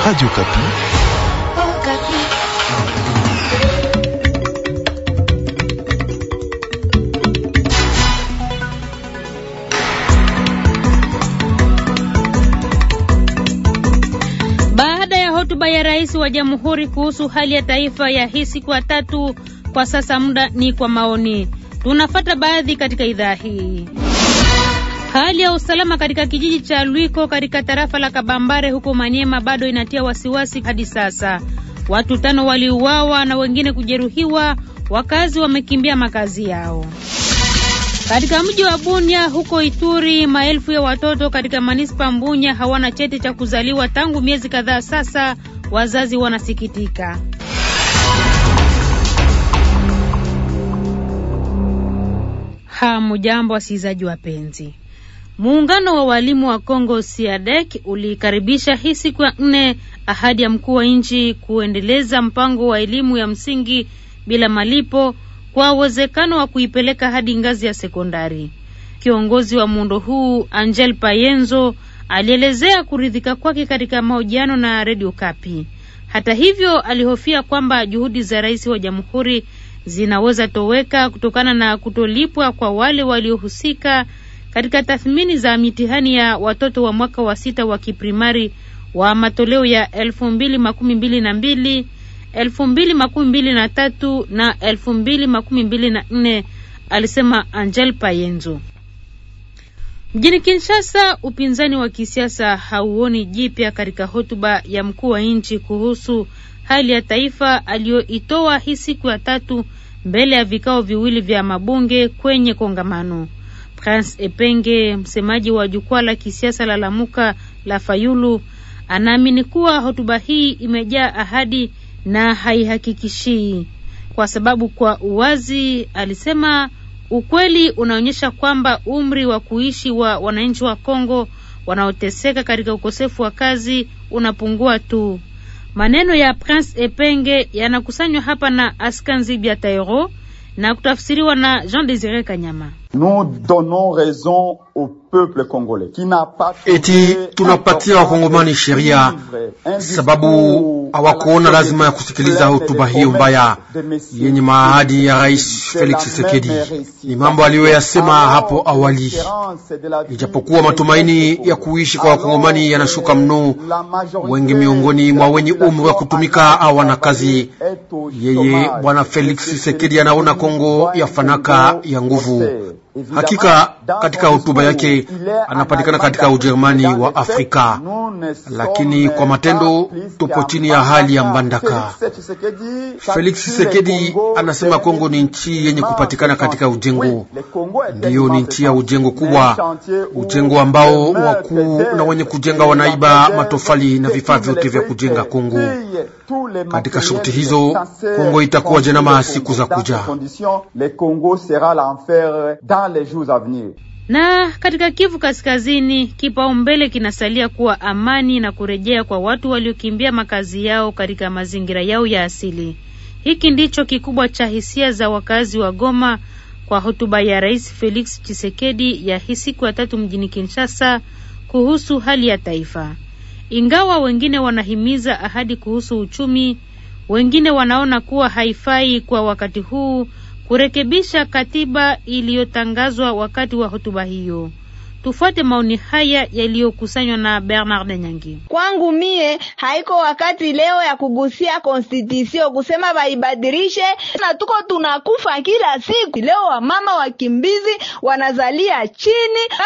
Radio Kapi. Oh, Kapi. Baada ya hotuba ya rais wa jamhuri kuhusu hali ya taifa ya hii siku ya tatu, kwa sasa muda ni kwa maoni. Tunafata baadhi katika idhaa hii. Hali ya usalama katika kijiji cha Lwiko katika tarafa la Kabambare huko Manyema bado inatia wasiwasi hadi sasa. Watu tano waliuawa na wengine kujeruhiwa, wakazi wamekimbia makazi yao. Katika mji wa bunya huko Ituri, maelfu ya watoto katika manispa Mbunya hawana cheti cha kuzaliwa tangu miezi kadhaa sasa. Wazazi wanasikitika. Hamujambo wasikilizaji wapenzi. Muungano wa walimu wa Kongo SIADEC e ulikaribisha hii siku ya nne ahadi ya mkuu wa nchi kuendeleza mpango wa elimu ya msingi bila malipo kwa uwezekano wa kuipeleka hadi ngazi ya sekondari. Kiongozi wa muundo huu Angel Payenzo alielezea kuridhika kwake katika mahojiano na redio Kapi. Hata hivyo, alihofia kwamba juhudi za rais wa jamhuri zinaweza toweka kutokana na kutolipwa kwa wale waliohusika katika tathmini za mitihani ya watoto wa mwaka wa sita wa kiprimari wa matoleo ya elfu mbili makumi mbili na mbili elfu mbili makumi mbili na tatu na elfu mbili makumi mbili na nne alisema Angel Payenzo. Mjini Kinshasa, upinzani wa kisiasa hauoni jipya katika hotuba ya mkuu wa nchi kuhusu hali ya taifa aliyoitoa hii siku ya tatu mbele ya vikao viwili vya mabunge kwenye kongamano. Prince Epenge, msemaji wa jukwaa la kisiasa la Lamuka la Fayulu, anaamini kuwa hotuba hii imejaa ahadi na haihakikishii, kwa sababu kwa uwazi alisema ukweli unaonyesha kwamba umri wa kuishi wa wananchi wa Kongo wanaoteseka katika ukosefu wa kazi unapungua tu. Maneno ya Prince Epenge yanakusanywa hapa na Askanzi Biataero na kutafsiriwa na Jean Desire Kanyama. Eti tunapatia wakongomani sheria sababu hawakuona lazima ya kusikiliza hotuba hiyo mbaya yenye maahadi ya Rais Felix Tshisekedi. Ni mambo aliyoyasema hapo awali, ijapokuwa matumaini ya kuishi kwa wakongomani yanashuka euh, mno. Wengi miongoni mwa wenye umri wa kutumika hawana kazi. Yeye Bwana Felix Tshisekedi anaona Kongo ya fanaka ya nguvu Hakika katika hotuba yake anapatikana katika Ujerumani wa Afrika, lakini kwa matendo tupo chini ya hali ya Mbandaka. Felix Tshisekedi anasema Kongo ni nchi yenye kupatikana katika ujengo, ndiyo ni nchi ya ujengo kubwa, ujengo ambao wakuu na wenye kujenga wanaiba matofali na vifaa vyote vya kujenga Kongo. Katika shurti hizo, Kongo itakuwa jenama siku za kuja dans les jours à venir. Na katika Kivu Kaskazini, kipaumbele kinasalia kuwa amani na kurejea kwa watu waliokimbia makazi yao katika mazingira yao ya asili. Hiki ndicho kikubwa cha hisia za wakazi wa Goma kwa hotuba ya Rais Felix Tshisekedi ya hii siku ya tatu mjini Kinshasa kuhusu hali ya taifa. Ingawa wengine wanahimiza ahadi kuhusu uchumi, wengine wanaona kuwa haifai kwa wakati huu kurekebisha katiba iliyotangazwa wakati wa hotuba hiyo. Tufuate maoni haya yaliyokusanywa na Bernard Nyangi. Kwangu mie haiko wakati leo ya kugusia konstitusio kusema waibadilishe, na tuko tunakufa kila siku. Leo wamama wakimbizi wanazalia chini.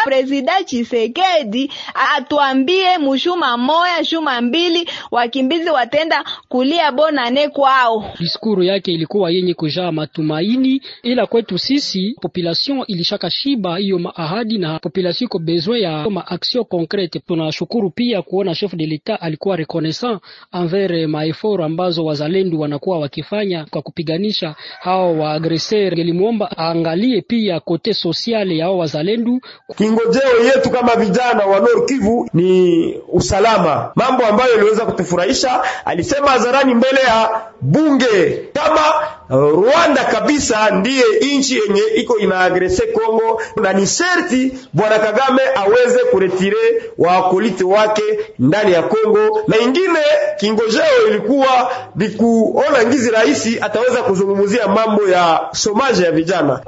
Presida Chisekedi atuambie mushuma moya shuma mbili, wakimbizi watenda kulia bonane kwao. Diskuru yake ilikuwa yenye kujaa matumaini, ila kwetu sisi population shiba hiyo maahadi na population tuko besoin ya ma action concrete. Tunashukuru pia kuona chef de l'etat alikuwa reconnaissant envers effort ambazo wazalendo wanakuwa wakifanya kwa kupiganisha hao agresseur. Nilimuomba aangalie pia kote social ya hao wazalendo. Kingojeo yetu kama vijana wa Nord Kivu ni usalama, mambo ambayo iliweza kutufurahisha, alisema hadharani mbele ya bunge kama Rwanda kabisa ndiye nchi yenye iko inaagrese Kongo, na ni serti bwana Kagame aweze kuretire waakolite wake ndani ya Kongo. Na ingine kingojeo ilikuwa ni kuona ngizi rais ataweza kuzungumzia mambo ya somaje ya vijana.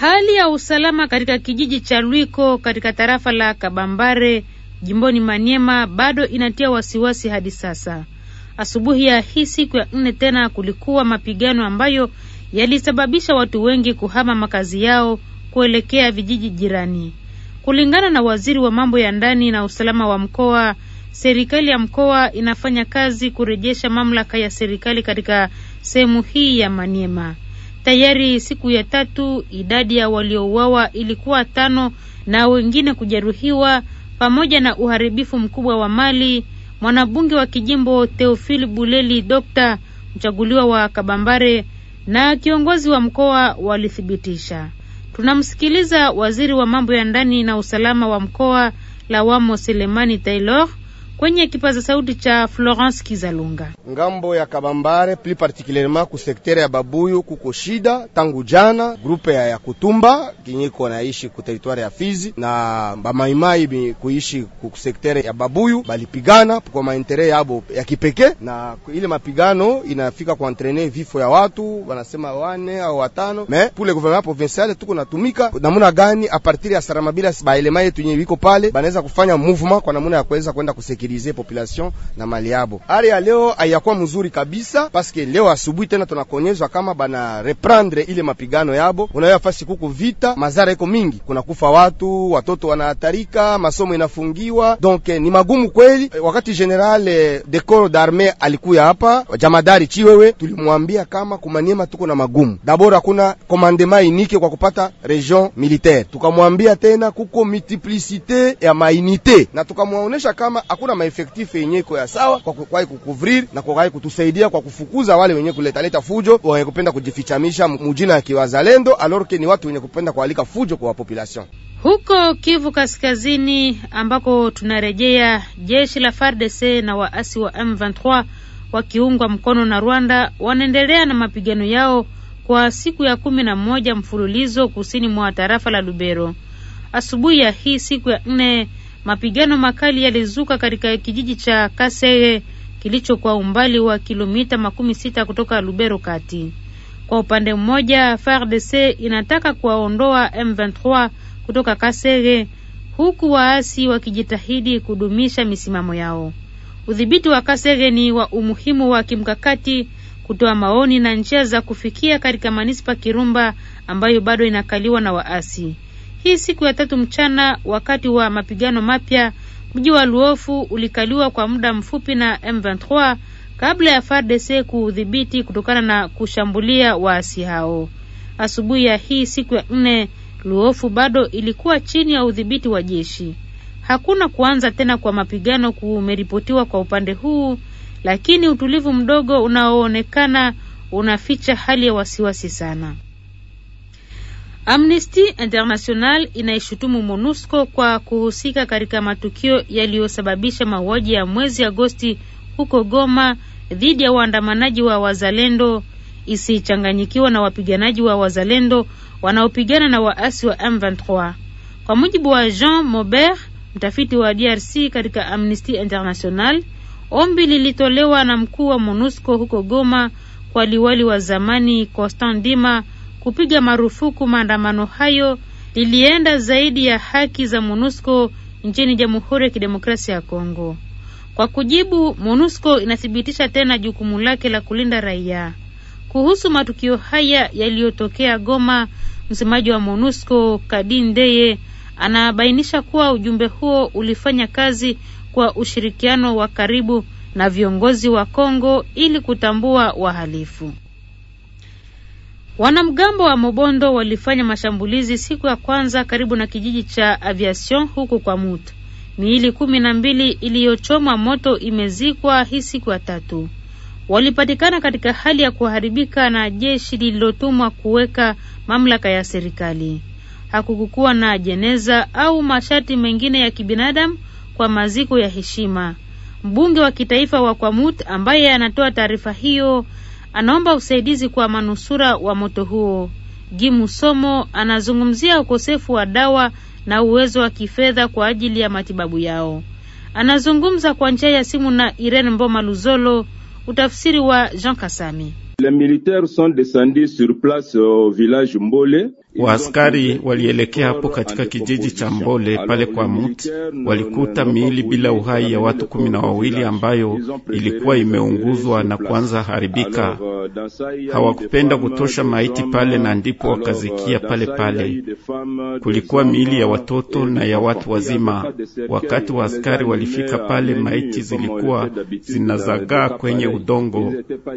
Hali ya usalama katika kijiji cha Lwiko katika tarafa la Kabambare jimboni Maniema bado inatia wasiwasi hadi sasa. Asubuhi ya hii siku ya nne tena kulikuwa mapigano ambayo yalisababisha watu wengi kuhama makazi yao kuelekea vijiji jirani. Kulingana na waziri wa mambo ya ndani na usalama wa mkoa, serikali ya mkoa inafanya kazi kurejesha mamlaka ya serikali katika sehemu hii ya Maniema. Tayari siku ya tatu idadi ya waliouawa ilikuwa tano na wengine kujeruhiwa pamoja na uharibifu mkubwa wa mali. Mwanabunge wa kijimbo Theophile Buleli Dokta, mchaguliwa wa Kabambare, na kiongozi wa mkoa walithibitisha. Tunamsikiliza waziri wa mambo ya ndani na usalama wa mkoa Lawamo Selemani Taylor kwenye kipaza sauti cha Florence Kizalunga. Ngambo ya Kabambare plus particulierement ku sektere ya Babuyu kuko shida tangu jana, grupe ya, Yakutumba Kutumba kinyiko naishi ku teritwari ya Fizi na bamaimai kuishi ku sektere ya Babuyu balipigana kwa maintere yabo ya kipekee, na ile mapigano inafika kuantrene vifo ya watu wanasema wane au watano. Me pule gouvernement provincial tuko natumika namuna gani a partir ya Saramabila, baelema yetu yenye wiko pale banaweza kufanya movement kwa namuna ya kuweza kwenda ku kusekirize population na mali yabo. Hali ya leo hayakuwa mzuri kabisa, paske leo asubuhi tena tunakonyezwa kama bana reprendre ile mapigano yabo. Unayo fasi kuku vita, mazara iko mingi, kuna kufa watu, watoto wanahatarika, masomo inafungiwa, donc ni magumu kweli. Wakati general eh, de corps d'armée alikuya hapa, jamadari Chiwewe, tulimwambia kama kumaniema tuko na magumu dabora, kuna commandement inike kwa kupata region militaire, tukamwambia tena kuko multiplicité ya mainite na tukamwaonesha kama hakuna kama yenye yenyewe iko ya sawa kwa kuwahi kukuvriri na kwa kuwahi kutusaidia kwa kufukuza wale wenye kuletaleta fujo wenye kupenda kujifichamisha mujina ya kiwazalendo, alorke ni watu wenye kupenda kualika fujo kwa population huko Kivu Kaskazini, ambako tunarejea. Jeshi la FARDC na waasi wa M23 wakiungwa mkono na Rwanda wanaendelea na mapigano yao kwa siku ya kumi na moja mfululizo kusini mwa tarafa la Lubero. Asubuhi ya hii siku ya nne Mapigano makali yalizuka katika kijiji cha kasege kilicho kwa umbali wa kilomita makumi sita kutoka Lubero kati. Kwa upande mmoja, FARDC inataka kuwaondoa M23 kutoka Kasege huku waasi wakijitahidi kudumisha misimamo yao. Udhibiti wa Kasege ni wa umuhimu wa kimkakati kutoa maoni na njia za kufikia katika manispa Kirumba ambayo bado inakaliwa na waasi. Hii siku ya tatu mchana, wakati wa mapigano mapya, mji wa Luofu ulikaliwa kwa muda mfupi na M23 kabla ya FARDC kuudhibiti kutokana na kushambulia waasi hao. Asubuhi ya hii siku ya nne, Luofu bado ilikuwa chini ya udhibiti wa jeshi. Hakuna kuanza tena kwa mapigano kumeripotiwa kwa upande huu, lakini utulivu mdogo unaoonekana unaficha hali ya wasiwasi sana. Amnesty International inaishutumu MONUSCO kwa kuhusika katika matukio yaliyosababisha mauaji ya mwezi Agosti huko Goma dhidi ya waandamanaji wa Wazalendo, isichanganyikiwa na wapiganaji wa Wazalendo wanaopigana na waasi wa M23. Kwa mujibu wa Jean Maubert, mtafiti wa DRC katika Amnesty International, ombi lilitolewa na mkuu wa MONUSCO huko Goma kwa liwali wa zamani Constant Ndima kupiga marufuku maandamano hayo lilienda zaidi ya haki za MONUSCO nchini Jamhuri ya Kidemokrasia ya Kongo. Kwa kujibu, MONUSCO inathibitisha tena jukumu lake la kulinda raia. Kuhusu matukio haya yaliyotokea Goma, msemaji wa MONUSCO Kadin Deye anabainisha kuwa ujumbe huo ulifanya kazi kwa ushirikiano wa karibu na viongozi wa Kongo ili kutambua wahalifu. Wanamgambo wa Mobondo walifanya mashambulizi siku ya kwanza karibu na kijiji cha Aviation huko kwa Mutu. Miili kumi na mbili iliyochomwa moto imezikwa hii siku ya tatu. Walipatikana katika hali ya kuharibika na jeshi lililotumwa kuweka mamlaka ya serikali. hakukukua na jeneza au masharti mengine ya kibinadamu kwa maziko ya heshima. Mbunge wa kitaifa wa Kwamut ambaye anatoa taarifa hiyo anaomba usaidizi kwa manusura wa moto huo. Gimusomo anazungumzia ukosefu wa dawa na uwezo wa kifedha kwa ajili ya matibabu yao. Anazungumza kwa njia ya simu na Irene Mboma Luzolo, utafsiri wa Jean Kasami. Les militaires sont descendus sur place au village Mbole Waaskari walielekea hapo katika kijiji cha Mbole pale kwa mut walikuta miili bila uhai ya watu kumi na wawili ambayo ilikuwa imeunguzwa na kuanza haribika. Hawakupenda kutosha maiti pale, na ndipo wakazikia pale pale. Kulikuwa miili ya watoto na ya watu wazima. Wakati wa askari walifika pale, maiti zilikuwa zinazagaa kwenye udongo,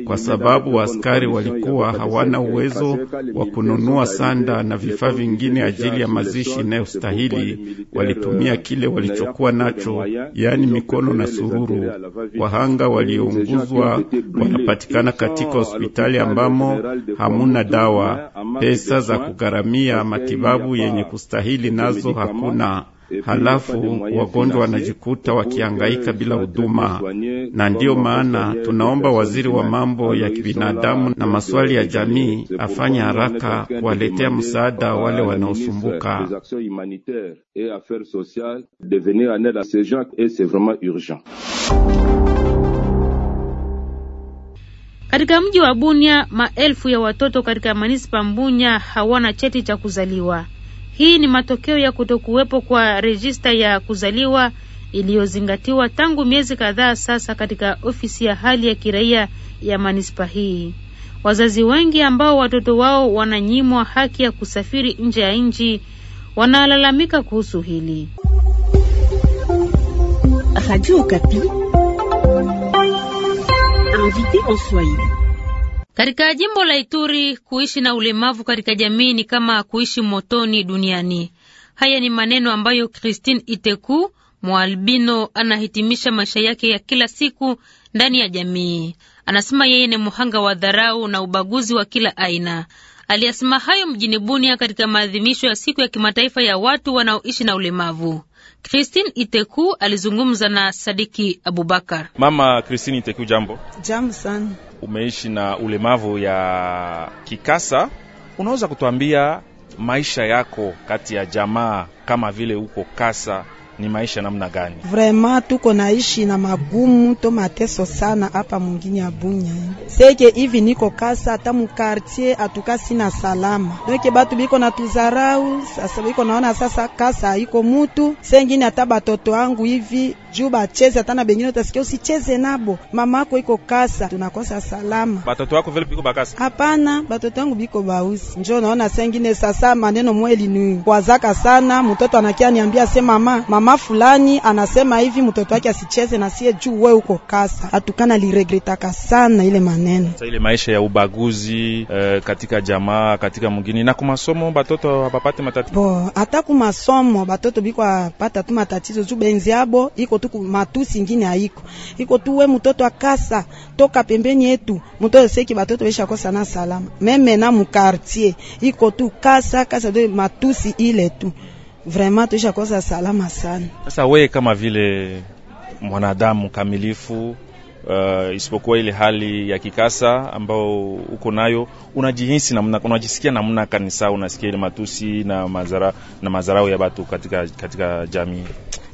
kwa sababu waaskari walikuwa hawana uwezo wa kununua sanda na vifaa vingine ajili ya mazishi inayostahili. Walitumia kile walichokuwa nacho, yaani mikono na sururu. Wahanga waliounguzwa wanapatikana katika hospitali ambamo hamuna dawa, pesa za kugharamia matibabu yenye kustahili nazo hakuna. E, halafu wagonjwa wanajikuta wakiangaika bila huduma. Na ndiyo maana tunaomba waziri wa mambo ya kibinadamu na maswali ya jamii afanye haraka kuwaletea msaada wale wanaosumbuka. Katika mji wa Bunia, maelfu ya watoto katika manispa Mbunya hawana cheti cha kuzaliwa. Hii ni matokeo ya kutokuwepo kwa rejista ya kuzaliwa iliyozingatiwa tangu miezi kadhaa sasa katika ofisi ya hali ya kiraia ya manispa hii. Wazazi wengi ambao watoto wao wananyimwa haki ya kusafiri nje ya nchi wanalalamika kuhusu hili. Radio Okapi, invité en Swahili. Katika jimbo la Ituri, kuishi na ulemavu katika jamii ni kama kuishi motoni duniani. Haya ni maneno ambayo Christine Iteku mwalbino anahitimisha maisha yake ya kila siku ndani ya jamii. Anasema yeye ni mhanga wa dharau na ubaguzi wa kila aina. Aliyasema hayo mjini Bunia katika maadhimisho ya siku ya kimataifa ya watu wanaoishi na ulemavu. Christine Iteku alizungumza na Sadiki Abubakar. Mama Christine Iteku, jambo. Jambo sana. Umeishi na ulemavu ya kikasa, unaweza kutuambia maisha yako kati ya jamaa kama vile huko Kasa ni maisha namna gani? Vraiment tuko naishi na magumu to mateso sana hapa mungini ya Bunya seke hivi, niko kasa hata mukartier atuka sina salama donke, batu biko na tuzarau sasa, biko naona sasa kasa iko mutu sengine hata batoto wangu hivi juu bacheze hata na bengine, utasikia usicheze nabo, mama ako iko kasa, tunakosa salama. Batoto wako vile biko bakasa? Hapana, batoto yangu biko bausi. Njo naona sengine sasa maneno mweli ni kwazaka sana, mtoto anakia niambia se mama mama fulani anasema hivi mtoto wake asicheze na sie juu we uko kasa. Atukana liregretaka sana ile maneno, ile maisha ya ubaguzi uh, katika jamaa katika mwingine na kumasomo, batoto hapapate matatizo bo, hata kumasomo batoto biko apata tu matatizo juu benzi yabo iko tu matusi ngine haiko, iko tu we mtoto akasa toka pembeni yetu, mtoto seki batoto besha kosa na salama meme na mukartier, iko tu kasa kasa de matusi ile tu vraiment tuisha kosa salama sana. Sasa we kama vile mwanadamu kamilifu Uh, isipokuwa ile hali ya kikasa ambao uko nayo, unajihisi namna, unajisikia namna kanisa, unasikia ile matusi na mazara na mazarao ya watu katika, katika jamii.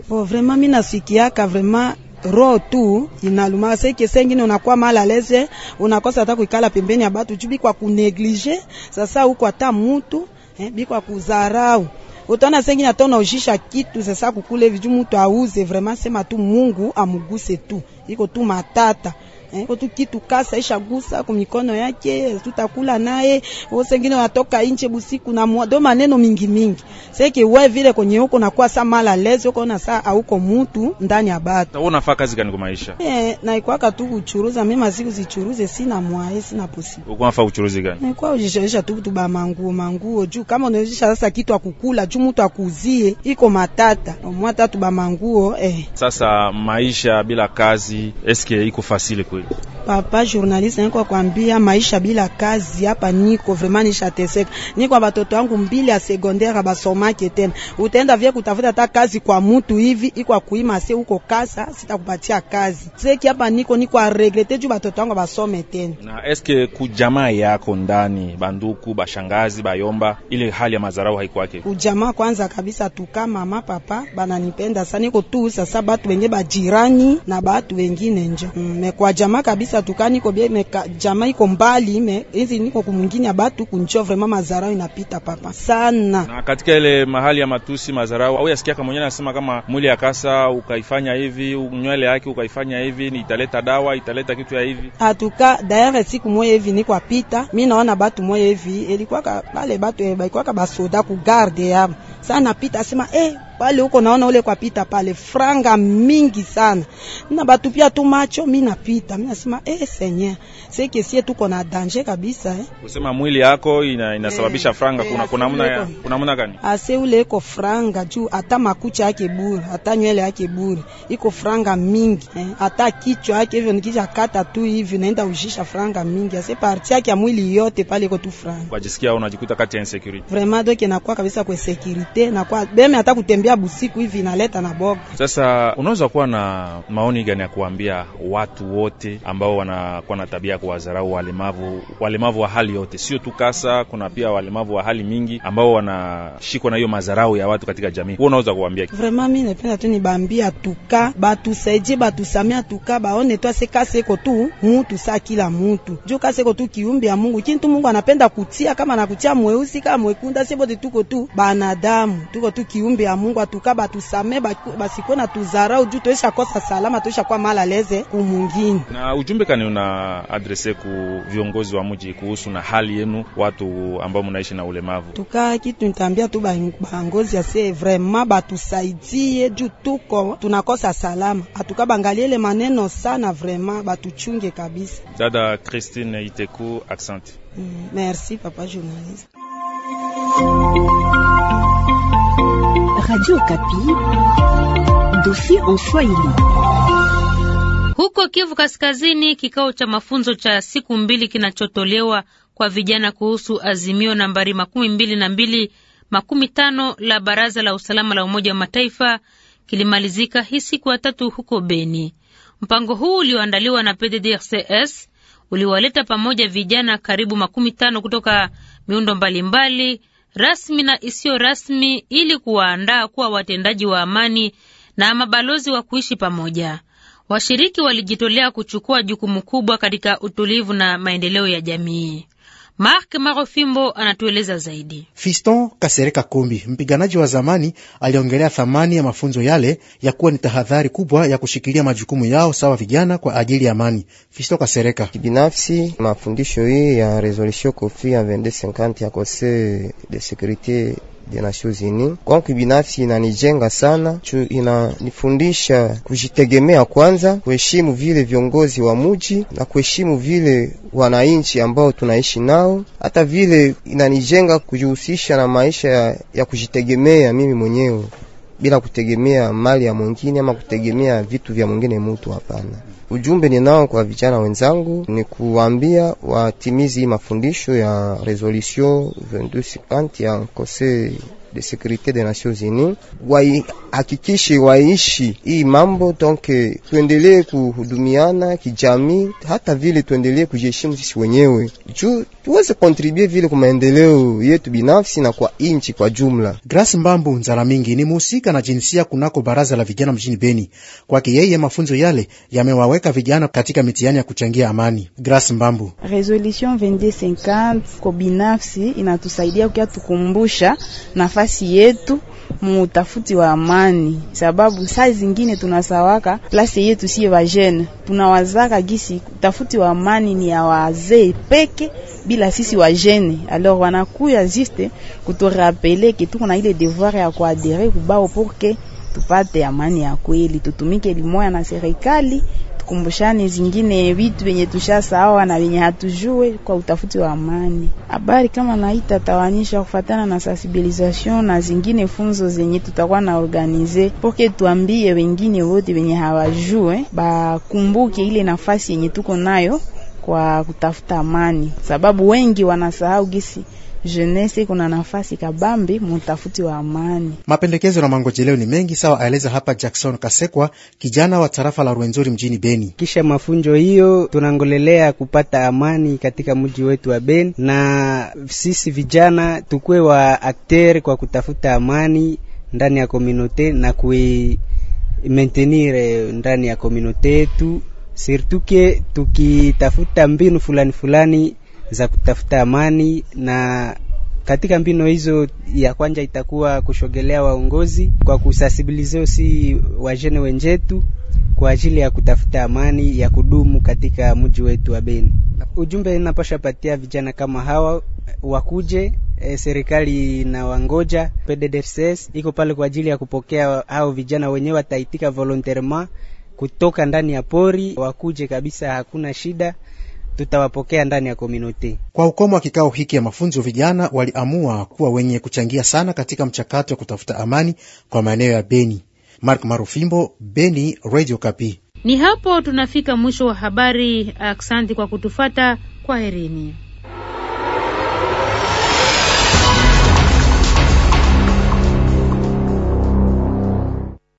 Bo vraiment mimi nasikiaka vraiment roho tu inaluma seke sengine unakuwa mala leze unakosa hata kuikala pembeni ya batu juu bikwa kuneglige sasa huko hata mutu eh, bikwa kuzarau utaona sengine hata unaujisha kitu sasa kukule viju mutu auze vraiment sema tu Mungu amuguse tu iko tu matata eh, tukitukasa ishagusa kumikono yake, tutakula naye wosengine watoka inche busiku na mwa mwado maneno mingi mingi. Seki wewe vile kwenye huko na kwa saa mala lezo kwa na saa auko mutu ndani ya bata. na unafaa kazi gani kwa maisha? Eh, na ikwaka eh, oh, tu kuchuruza mima siku zichuruze, sina mwae sina posi. Uko unafaa uchuruze gani? na kwa ujishaisha tu tu ba manguo manguo juu kama unajisha sasa kitu akukula juu mtu akuzie iko matata. mwa tatu ba manguo eh. Sasa maisha bila kazi eske iko fasile quick papa journaliste niko kwambia maisha bila kazi hapa niko vraiment nishateseka. Niko batoto wangu mbili ya secondaire basomake tena. Utaenda vya kutafuta hata kazi kwa mtu hivi iko kuima se huko kasa sitakupatia kazi. Seki hapa niko niko regrete juu batoto wangu basome tena. Na eske kujamaa yako ndani banduku bashangazi bayomba ile hali ya mazarau haiko yake. Ujamaa kwanza kabisa tuka mama papa bananipenda sana niko tu sasa batu wengine bajirani na batu wengine nje. Mm, kwa jamaa kabisa kabisa tukaniko bie meka jama iko mbali me hizi niko kumwingine abatu kunjua vraiment mazarau inapita papa sana. Na katika ile mahali ya matusi mazarau, au yasikia kama mwenyewe anasema kama mwili ya kasa ukaifanya hivi, nywele yake ukaifanya hivi, ni italeta dawa, italeta kitu ya hivi. Atuka daire siku moja hivi niko apita, mimi naona batu moja hivi ilikuwa bale batu eh, ilikuwa basoda ku garde ya Sana pita asema eh pale huko naona ule kwapita pale franga mingi sana, na batupia tu macho. Mimi napita mimi nasema eh, senye seke sie tuko na danger kabisa eh. Kusema mwili yako ina, inasababisha eh, franga eh, kuna kuna mna kuna mna gani ase ah, ule iko franga juu, hata makucha yake bure, hata nywele yake bure, iko franga mingi eh, hata kichwa yake hivyo, nikija kata tu hivi naenda ushisha franga mingi, ase parti yake ya mwili yote pale iko tu franga. Unajisikia unajikuta kati ya insecurity vraiment, donc inakuwa kabisa kwa security na beme hata kutembea kutembea busiku hivi inaleta na boga. Sasa unaweza kuwa na maoni gani ya kuambia watu wote ambao wanakuwa na tabia ya kuwadharau walemavu, walemavu wa hali yote, sio tu kasa, kuna pia walemavu wa hali mingi ambao wanashikwa na hiyo madharau ya watu katika jamii. Wewe unaweza kuambia Vraiment mimi napenda tu nibambia tuka batusaidie, batusamia, tuka baone twase kasa iko tu mutu saa kila mutu juu kasa iko tu kiumbe ya Mungu kintu Mungu anapenda kutia kama anakutia mweusi kama mwekunda, sio bote tuko tu banadamu, tuko tu kiumbe ya Mungu. Mungu atuka batusame basikwe na tuzarau juu tuisha kosa salama, toisha kwa mala leze kumungini. Na ujumbe kani una adrese ku viongozi wa muji kuhusu na hali yenu watu ambao munaishi na ulemavu? Tuka kitu nitambia tu bangozi ase vraiment batusaidie juu tuko tunakosa salama, atuka bangalie ile maneno sana, vraiment batuchunge kabisa. Dada Christine Iteku, accent. Mm, merci papa journaliste. Radio Kapi, dossier en Swahili. Huko Kivu Kaskazini, kikao cha mafunzo cha siku mbili kinachotolewa kwa vijana kuhusu azimio nambari makumi mbili na mbili makumi tano la Baraza la Usalama la Umoja wa Mataifa kilimalizika hii siku ya tatu huko Beni. Mpango huu ulioandaliwa na PDDRCS uliwaleta pamoja vijana karibu makumi tano kutoka miundo mbalimbali mbali, rasmi na isiyo rasmi ili kuwaandaa kuwa watendaji wa amani na mabalozi wa kuishi pamoja. Washiriki walijitolea kuchukua jukumu kubwa katika utulivu na maendeleo ya jamii. Mark Marofimbo anatueleza zaidi. Fiston Kasereka Kombi, mpiganaji wa zamani, aliongelea thamani ya mafunzo yale ya kuwa ni tahadhari kubwa ya kushikilia majukumu yao sawa vijana kwa ajili ya amani. Fiston Kasereka: kibinafsi mafundisho hii ya resolution kofi ya 2250 ya conseil de securite de Nations Unies. Kwangu binafsi inanijenga sana chu, inanifundisha kujitegemea kwanza, kuheshimu vile viongozi wa muji na kuheshimu vile wananchi ambao tunaishi nao, hata vile inanijenga kujihusisha na maisha ya, ya kujitegemea mimi mwenyewe bila kutegemea mali ya mwingine ama kutegemea vitu vya mwingine mutu. Hapana. Ujumbe ninao kwa vijana wenzangu ni kuwaambia watimizi mafundisho ya resolution 2250 ya Conseil de sécurité des Nations Unies, waihakikishe waishi hii mambo donc, tuendelee kuhudumiana kijamii, hata vile tuendelee kujiheshimu sisi wenyewe juu tuweze kontribue vile kwa maendeleo yetu binafsi na kwa inchi kwa jumla. Grace Mbambu Nzala Mingi ni muhusika na jinsia kunako baraza la vijana mjini Beni. Kwake yeye mafunzo yale yamewaweka vijana katika mitihani ya kuchangia amani. Grace Mbambu: resolution 2250 kwa binafsi inatusaidia kukia tukumbusha nafasi yetu mutafuti wa amani, sababu saa zingine tunasawaka plasi yetu siye vajene tunawazaka gisi utafuti wa amani ni ya wazee peke bila sisi wa jeune alors wanakuya juste kuturapele ke tuko na ile devoir ya kuadere kubao porke tupate amani ya kweli, tutumike limoya na serikali, tukumbushane zingine vitu venye tushasawa na venye hatujue kwa utafuti wa amani. Habari kama naita tawanisha kufatana na sensibilisation na zingine funzo zenye tutakuwa na organize, porque tuambie wengine wote venye hawajue bakumbuke ile nafasi yenye tuko nayo kwa kutafuta amani, sababu wengi wanasahau gisi jenesi kuna nafasi kabambi mutafuti wa amani. Mapendekezo na mangojeleo ni mengi sawa, aeleza hapa Jackson Kasekwa, kijana wa tarafa la Rwenzori mjini Beni. Kisha mafunjo hiyo, tunangolelea kupata amani katika mji wetu wa Beni, na sisi vijana tukue wa akteri kwa kutafuta amani ndani ya komunote na kui maintenir ndani ya komunote yetu sirtuke tukitafuta mbinu fulani fulani za kutafuta amani, na katika mbinu hizo ya kwanja itakuwa kushogelea waongozi kwa kusasibilize si wajene wenjetu kwa ajili ya kutafuta amani ya kudumu katika mji wetu wa Beni. Ujumbe inapasha patia vijana kama hawa wakuje E, serikali na wangoja PDDRCS iko pale kwa ajili ya kupokea hao vijana wenyewe, wataitika volontairement kutoka ndani ya pori wakuje kabisa, hakuna shida tutawapokea ndani ya komunote. Kwa ukomo wa kikao hiki ya mafunzo, vijana waliamua kuwa wenye kuchangia sana katika mchakato wa kutafuta amani kwa maeneo ya Beni. Mark Marufimbo, Beni, Radio Kapi. Ni hapo tunafika mwisho wa habari. Aksanti kwa kutufata, kwa herini